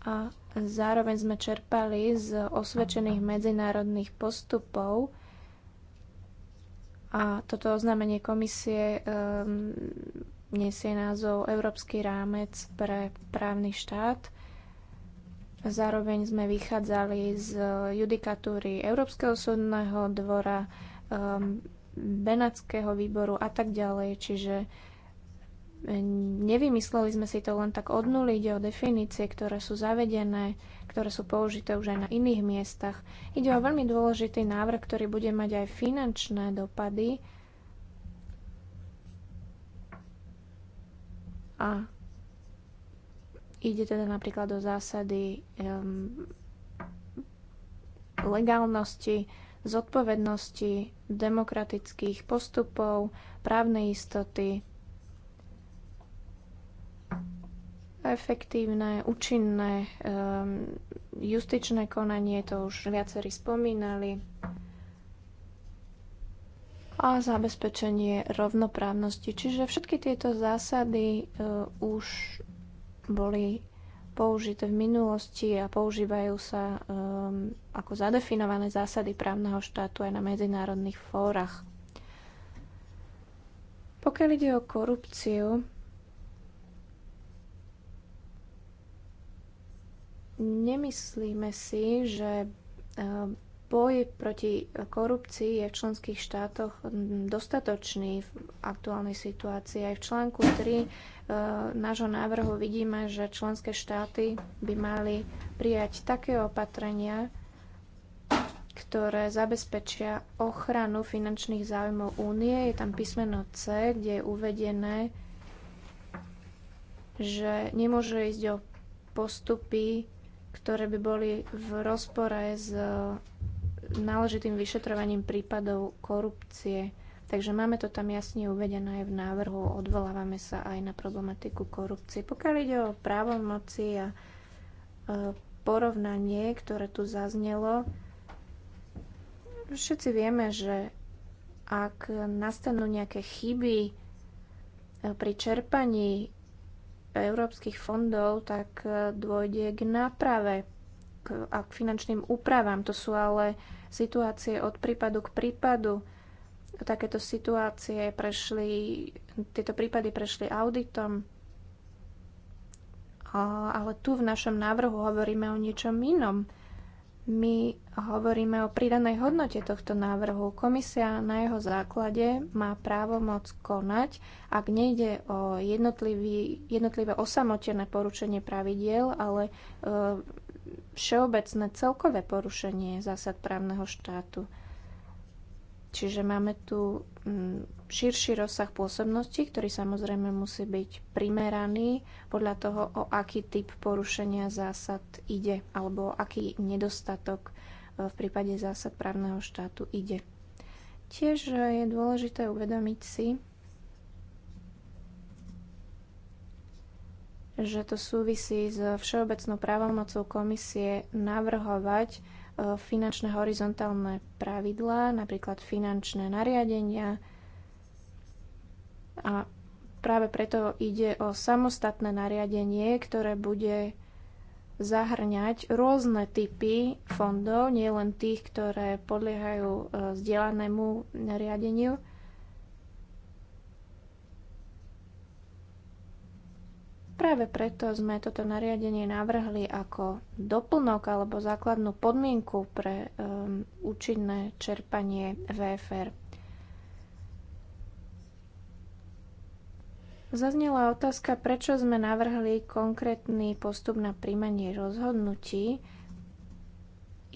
a zároveň sme čerpali z osvedčených medzinárodných postupov a toto oznámenie komisie um, nesie názov Európsky rámec pre právny štát. Zároveň sme vychádzali z judikatúry Európskeho súdneho dvora, ehm, Benátskeho výboru a tak ďalej. Čiže e, nevymysleli sme si to len tak od nuly, ide o definície, ktoré sú zavedené, ktoré sú použité už aj na iných miestach. Ide o veľmi dôležitý návrh, ktorý bude mať aj finančné dopady A ide teda napríklad do zásady um, legálnosti, zodpovednosti, demokratických postupov, právnej istoty, efektívne, účinné um, justičné konanie, to už viacerí spomínali, a zabezpečenie rovnoprávnosti. Čiže všetky tieto zásady e, už boli použité v minulosti a používajú sa um, ako zadefinované zásady právneho štátu aj na medzinárodných fórach. Pokiaľ ide o korupciu, nemyslíme si, že um, Boj proti korupcii je v členských štátoch dostatočný v aktuálnej situácii. Aj v článku 3 e, nášho návrhu vidíme, že členské štáty by mali prijať také opatrenia, ktoré zabezpečia ochranu finančných záujmov únie. Je tam písmeno C, kde je uvedené, že nemôže ísť o postupy, ktoré by boli v rozpore s náležitým vyšetrovaním prípadov korupcie. Takže máme to tam jasne uvedené aj v návrhu, odvolávame sa aj na problematiku korupcie. Pokiaľ ide o právomoci a e, porovnanie, ktoré tu zaznelo, všetci vieme, že ak nastanú nejaké chyby e, pri čerpaní európskych fondov, tak e, dôjde k náprave a k finančným úpravám. To sú ale situácie od prípadu k prípadu. Takéto situácie prešli, tieto prípady prešli auditom. Ale tu v našom návrhu hovoríme o niečom inom. My hovoríme o pridanej hodnote tohto návrhu. Komisia na jeho základe má právo moc konať, ak nejde o jednotlivé osamotené poručenie pravidiel, ale e, všeobecné celkové porušenie zásad právneho štátu. Čiže máme tu mm, širší rozsah pôsobnosti, ktorý samozrejme musí byť primeraný podľa toho, o aký typ porušenia zásad ide alebo o aký nedostatok e, v prípade zásad právneho štátu ide. Tiež e, je dôležité uvedomiť si, že to súvisí s všeobecnou právomocou komisie navrhovať e, finančné horizontálne pravidlá, napríklad finančné nariadenia. A práve preto ide o samostatné nariadenie, ktoré bude zahrňať rôzne typy fondov, nielen tých, ktoré podliehajú e, vzdelanému nariadeniu. Práve preto sme toto nariadenie navrhli ako doplnok alebo základnú podmienku pre um, účinné čerpanie VFR. Zaznela otázka, prečo sme navrhli konkrétny postup na príjmanie rozhodnutí.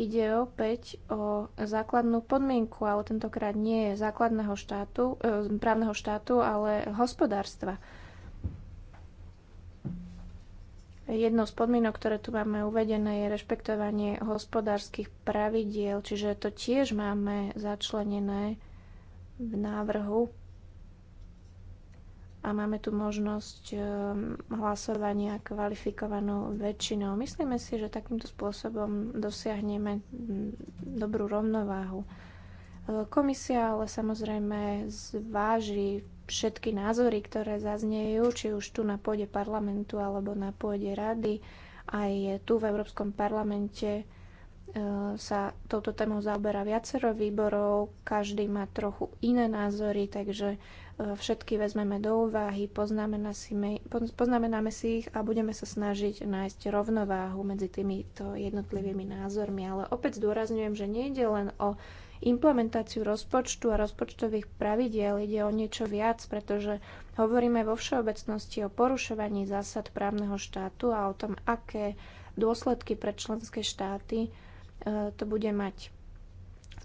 Ide opäť o základnú podmienku, ale tentokrát nie základného štátu, e, právneho štátu, ale hospodárstva. Jednou z podmienok, ktoré tu máme uvedené, je rešpektovanie hospodárskych pravidiel, čiže to tiež máme začlenené v návrhu. A máme tu možnosť eh, hlasovania kvalifikovanou väčšinou. Myslíme si, že takýmto spôsobom dosiahneme hm, dobrú rovnováhu. Eh, komisia ale samozrejme zváži všetky názory, ktoré zaznejú, či už tu na pôde parlamentu alebo na pôde rady, aj tu v Európskom parlamente e, sa touto témou zaoberá viacero výborov, každý má trochu iné názory, takže e, všetky vezmeme do úvahy, poznamenáme si ich a budeme sa snažiť nájsť rovnováhu medzi týmito jednotlivými názormi. Ale opäť zdôrazňujem, že nejde len o implementáciu rozpočtu a rozpočtových pravidiel ide o niečo viac, pretože hovoríme vo všeobecnosti o porušovaní zásad právneho štátu a o tom, aké dôsledky pre členské štáty e, to bude mať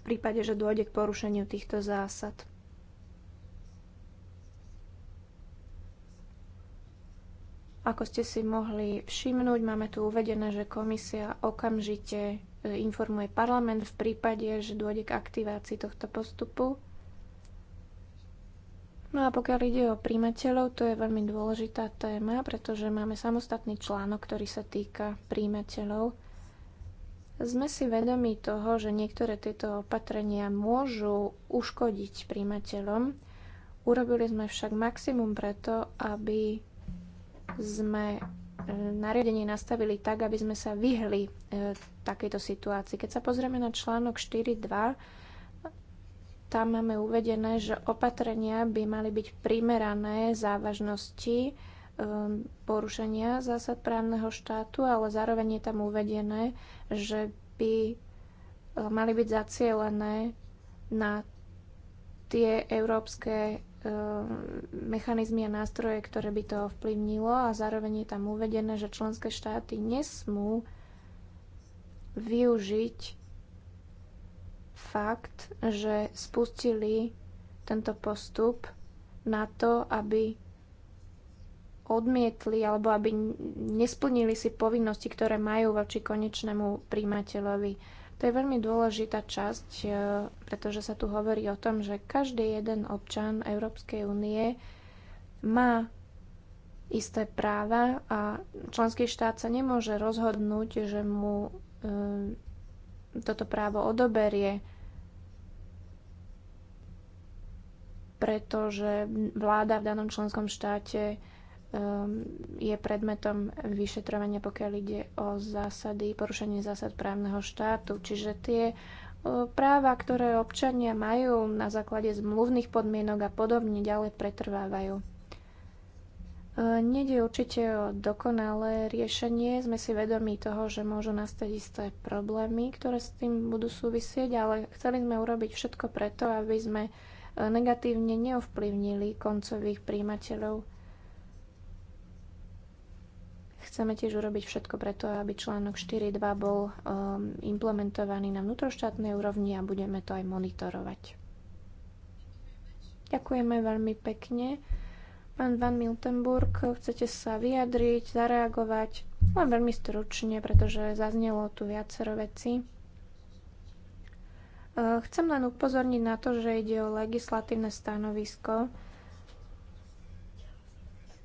v prípade, že dôjde k porušeniu týchto zásad. Ako ste si mohli všimnúť, máme tu uvedené, že komisia okamžite E, informuje parlament v prípade, že dôjde k aktivácii tohto postupu. No a pokiaľ ide o príjmateľov, to je veľmi dôležitá téma, pretože máme samostatný článok, ktorý sa týka príjmateľov. Sme si vedomi toho, že niektoré tieto opatrenia môžu uškodiť príjmateľom. Urobili sme však maximum preto, aby sme E, nariadenie nastavili tak, aby sme sa vyhli e, takejto situácii. Keď sa pozrieme na článok 4.2, tam máme uvedené, že opatrenia by mali byť primerané závažnosti e, porušenia zásad právneho štátu, ale zároveň je tam uvedené, že by e, mali byť zacielené na tie európske Ehm, mechanizmy a nástroje, ktoré by to ovplyvnilo a zároveň je tam uvedené, že členské štáty nesmú využiť fakt, že spustili tento postup na to, aby odmietli alebo aby nesplnili si povinnosti, ktoré majú voči konečnému príjimateľovi. To je veľmi dôležitá časť, e, pretože sa tu hovorí o tom, že každý jeden občan Európskej únie má isté práva a členský štát sa nemôže rozhodnúť, že mu e, toto právo odoberie, pretože vláda v danom členskom štáte Ehm, je predmetom vyšetrovania, pokiaľ ide o zásady, porušenie zásad právneho štátu. Čiže tie e, práva, ktoré občania majú na základe zmluvných podmienok a podobne, ďalej pretrvávajú. E, Nede určite o dokonalé riešenie. Sme si vedomi toho, že môžu nastať isté problémy, ktoré s tým budú súvisieť, ale chceli sme urobiť všetko preto, aby sme e, negatívne neovplyvnili koncových príjimateľov Chceme tiež urobiť všetko preto, aby článok 4.2 bol um, implementovaný na vnútroštátnej úrovni a budeme to aj monitorovať. Ďakujeme veľmi pekne. Pán Van Miltenburg, chcete sa vyjadriť, zareagovať? Len veľmi stručne, pretože zaznelo tu viacero vecí. Uh, chcem len upozorniť na to, že ide o legislatívne stanovisko,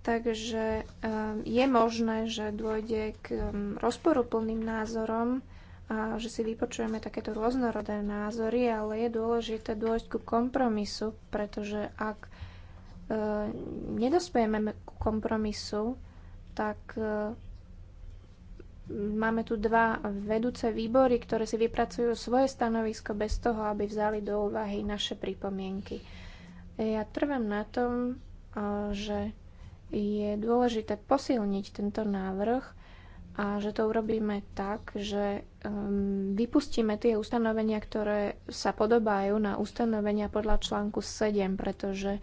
Takže ehm, je možné, že dôjde k ehm, rozporuplným názorom, a že si vypočujeme takéto rôznorodé názory, ale je dôležité dôjsť ku kompromisu, pretože ak ehm, nedospejeme ku kompromisu, tak máme tu dva vedúce výbory, ktoré si vypracujú svoje stanovisko bez toho, aby vzali do úvahy naše pripomienky. Ja trvám na tom, že je dôležité posilniť tento návrh a že to urobíme tak, že ehm, vypustíme tie ustanovenia, ktoré sa podobajú na ustanovenia podľa článku 7, pretože e,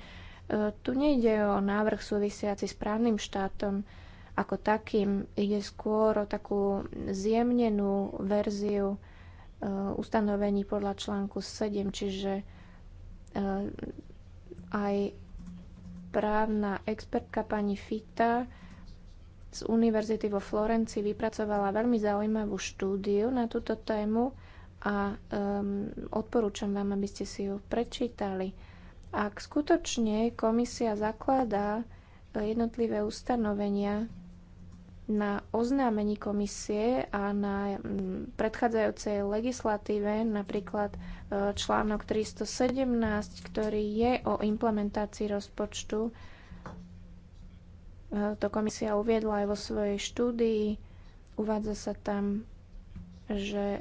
tu nejde o návrh súvisiaci s právnym štátom ako takým, ide skôr o takú zjemnenú verziu e, ustanovení podľa článku 7, čiže e, aj právna expertka pani Fita z univerzity vo Florencii vypracovala veľmi zaujímavú štúdiu na túto tému a um, odporúčam vám, aby ste si ju prečítali. Ak skutočne komisia zakladá eh, jednotlivé ustanovenia na oznámení komisie a na mm, predchádzajúcej legislatíve, napríklad e, článok 317, ktorý je o implementácii rozpočtu. E, to komisia uviedla aj vo svojej štúdii. Uvádza sa tam, že e,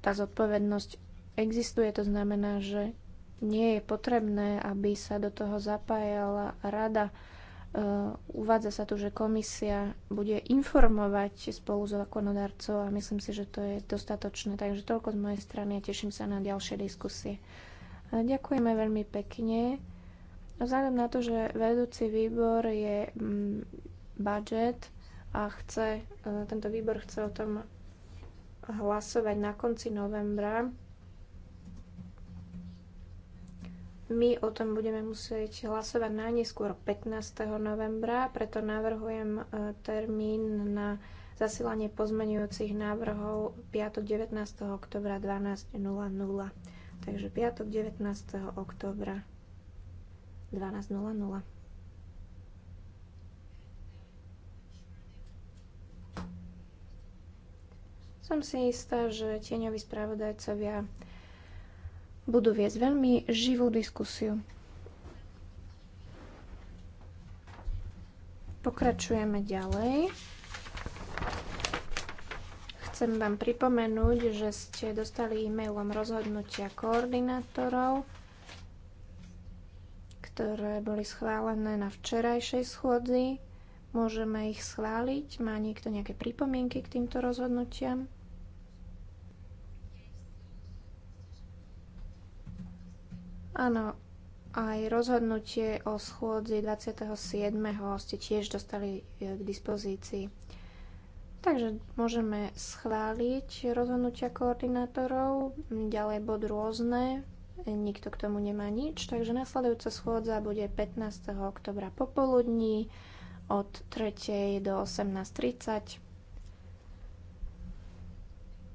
tá zodpovednosť existuje, to znamená, že nie je potrebné, aby sa do toho zapájala rada Eh, uvádza sa tu, že komisia bude informovať spolu so zákonodarcov a myslím si, že to je dostatočné. Takže toľko z mojej strany a teším sa na ďalšie diskusie. Eh, ďakujeme veľmi pekne. Vzhľadom na to, že vedúci výbor je mm, budget a chce, eh, tento výbor chce o tom hlasovať na konci novembra, My o tom budeme musieť hlasovať najneskôr 15. novembra, preto navrhujem e, termín na zasilanie pozmenujúcich návrhov 5. 19. oktobra 12.00. Takže 5. 19. oktobra 12.00. Som si istá, že tieňoví spravodajcovia budú viesť veľmi živú diskusiu. Pokračujeme ďalej. Chcem vám pripomenúť, že ste dostali e-mailom rozhodnutia koordinátorov, ktoré boli schválené na včerajšej schôdzi. Môžeme ich schváliť. Má niekto nejaké pripomienky k týmto rozhodnutiam? Áno, aj rozhodnutie o schôdzi 27. ste tiež dostali e, k dispozícii. Takže môžeme schváliť rozhodnutia koordinátorov, ďalej bod rôzne, nikto k tomu nemá nič, takže nasledujúca schôdza bude 15. oktobra popoludní od 3. do 18.30.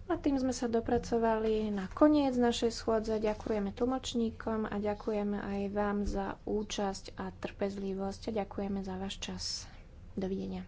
A tým sme sa dopracovali na koniec našej schôdze. Ďakujeme tlmočníkom a ďakujeme aj vám za účasť a trpezlivosť a ďakujeme za váš čas. Dovidenia.